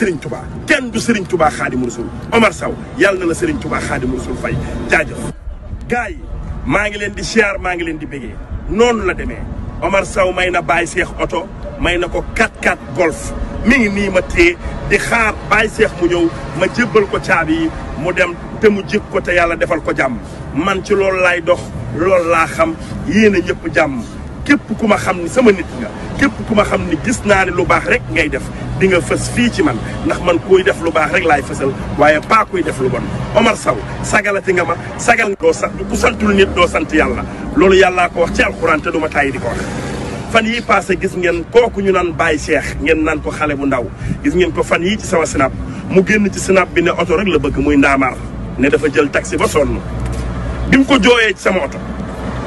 Serigne Touba kenn du Serigne Touba Xaadimu Rasuul Omar Sow yàlla na la Serigne Touba Xaadimu Rasuul fay jaajëf. gars yi maa ngi leen di siyaar maa ngi leen di bégee noonu la demee Omar Sow may na Baye Seex oto may na ko 4 x Golf mi ngi nii ma téye di xaar Baye Seex mu ñëw ma jébbal ko caabi yi mu dem te mu jik ko te yàlla defal ko jàmm man ci loolu laay dox loolu laa xam yéen a ñëpp jàmm. képp ku ma xam ni sama nit nga képp ku ma xam ni gis naa ne lu baax rek ngay def di nga fës fii ci man ndax man kuy def lu baax rek laay fësal waaye pas kuy def lu bon Omar Sow sagalati nga ma sagal doo sant ku sant lu nit doo sant yàlla loolu yàllaa ko wax ci alxuraan te du ma tàyyi di ko wax fan yi passé gis ngeen kooku ñu naan Baye Cheikh ngeen naan ko xale bu ndaw gis ngeen ko fan yi ci sama snap mu génn ci snap bi ne oto rek la bëgg muy ndaamaar ne dafa jël taxi ba sonn bi mu ko jooyee sama oto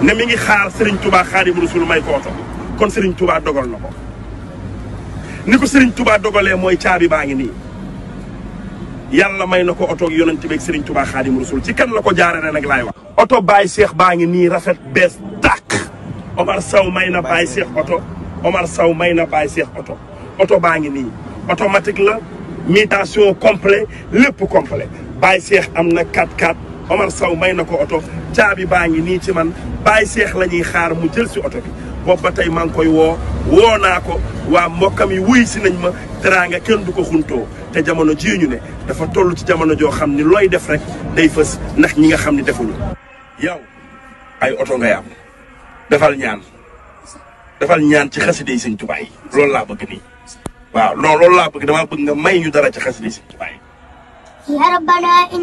ne mi ngi xaar Serigne Touba Xaadimu Rasul may ko oto kon Serigne Touba dogal na ko ni ko Serigne Touba dogalee mooy caabi baa ngi nii yàlla may na ko oto yonent beeg Serigne Touba Xaadimu Rasul ci kan la ko jaarale nag laay wax. oto Baye Cheikh baa ngi nii rafet bees dàq Omar Sow may na Baye seex oto Omar saw may na Baye seex oto oto baa ngi nii matik la mutation complet lépp complet Baye Cheikh am na 4 x Omar saw may na ko oto caabi baa ngi nii ci man baay seex la ñuy xaar mu jël si oto bi boobu ba tey maa ngi koy woo woo naa ko waa mbokkam yi wuy si nañ ma nga kenn du ko xuntoo te jamono jii ñu ne dafa toll ci jamono joo xam ni looy def rek day fës ndax ñi nga xam ni defuñu yow ay oto ngay am defal ñaan defal ñaan ci xasida yi sëñ Tuubaa yi loolu laa bëgg nii waaw non loolu laa bëgg damaa bëgg nga may ñu dara ci xasida yi sëñ Tuubaa yi